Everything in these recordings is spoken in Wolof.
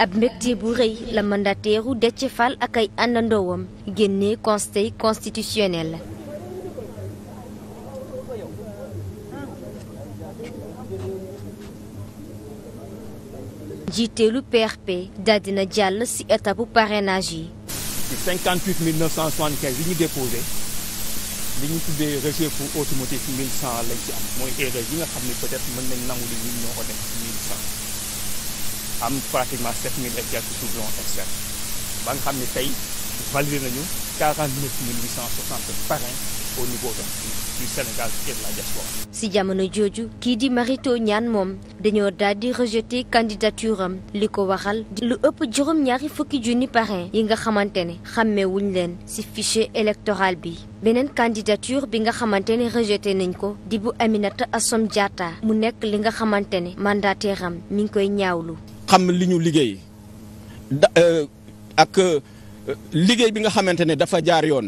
ab mbégte bu rëy la mandataire u Déthié Fall ak ay àndandoowam génnee conseil constitutionnel. jiiteelu PRP daal jàll ci étape parrainage yi. ci 58 975 yi ñu déposé li ñu tuddee rejet pour automotive 1100 lañ ci am mooy erreur yi nga xam ne peut mën nañ nangu li ñun ñoo ko def 1100. am pratiquement jamono jooju kii di Marito ñaan moom dañoo daal di rejeté li ko waxal lu ëpp juróom-ñaari fukki junni parrain yi nga xamante ne xàmmewuñ leen ci fichier électoral bi. beneen candidature bi nga xamante ne rejeté nañ ko di bu Aminata Assome Diatta mu nekk li nga xamante ne mandataire mi ngi koy ñaawlu. xam li ñu liggéey da euh, ak euh, liggéey bi nga xamante ne dafa jaar yoon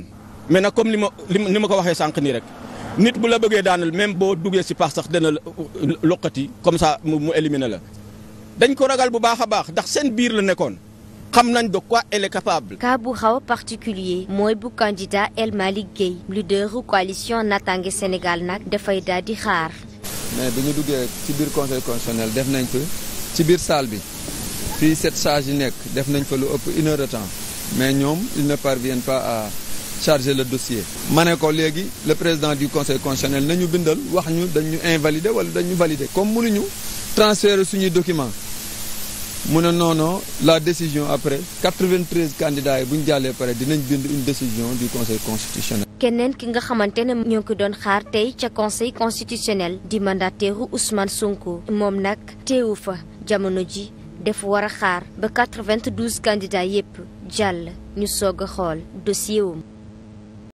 mais nag comme li ma li ma ko waxee sànq nii rek nit bu la bëggee daanal même boo duggee si pax sax dana loqati comme ça mu éliminer la dañ ko ragal bu baax a baax ndax seen biir la nekkoon xam nañ de quoi elle est capable. cas bu xaw a particulier mooy bu candidat El Malick Gueye leader coalition Natangué Sénégal nag dafay daal di xaar. mais bi ñu duggee ci biir conseil constitutionnel def nañ ko ci biir salle bi. fii cette charge yi nekk def nañ fa lu ëpp une heure de mais ñoom ils ne parviennent pas à charger le dossier. ma ne ko léegi le président du conseil constitutionnel nañu bindal wax ñu dañu invalider wala dañu valider comme mënuñu transférer suñuy document mu ne non non la décision après 93 candidats yi bu ñu jàllee pare dinañ bind une décision du conseil constitutionnel. keneen ki nga xamante ne ñoo ko doon xaar tey ca conseil constitutionnel di mandataire Ousmane Sonko moom nag teewu fa jamono ji. dafa war a xaar ba 92 candidats yépp jàll ñu soog a xool dossier wum